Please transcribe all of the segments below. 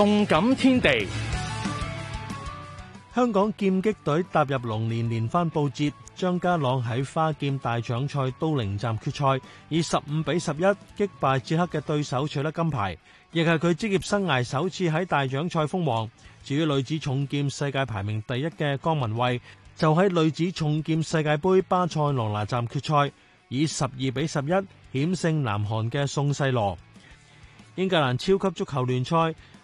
動感天地，香港劍擊隊踏入龍年連番報捷。張家朗喺花劍大獎賽都靈站決賽以十五比十一擊敗捷克嘅對手，取得金牌，亦係佢職業生涯首次喺大獎賽封王。至於女子重劍世界排名第一嘅江旻憓，就喺女子重劍世界杯巴塞隆拿站決賽以十二比十一險勝南韓嘅宋世羅。英格蘭超級足球聯賽。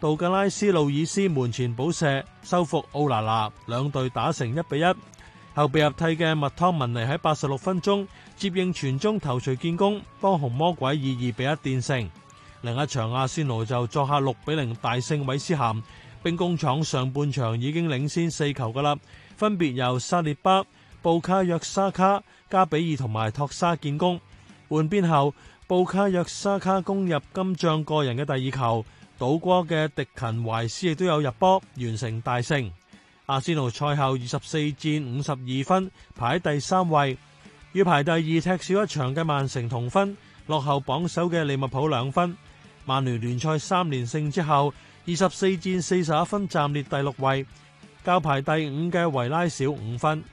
道格拉斯·路易斯門前補射，收復奧拿納，兩隊打成一比一。後備入替嘅麥湯文尼喺八十六分鐘接應傳中頭錘建功，幫紅魔鬼以二比一墊勝。另一場阿仙奴就作客六比零大勝韋斯咸。兵工廠上半場已經領先四球噶啦，分別由沙列巴、布卡約·沙卡、加比爾同埋托沙建功。換邊後，布卡約·沙卡攻入今仗個人嘅第二球。倒戈嘅迪勤懷斯亦都有入波，完成大勝。阿仙奴賽後二十四戰五十二分，排喺第三位，與排第二踢少一場嘅曼城同分，落後榜首嘅利物浦兩分。曼聯聯賽三連勝之後，二十四戰四十一分，暫列第六位，較排第五嘅維拉少五分。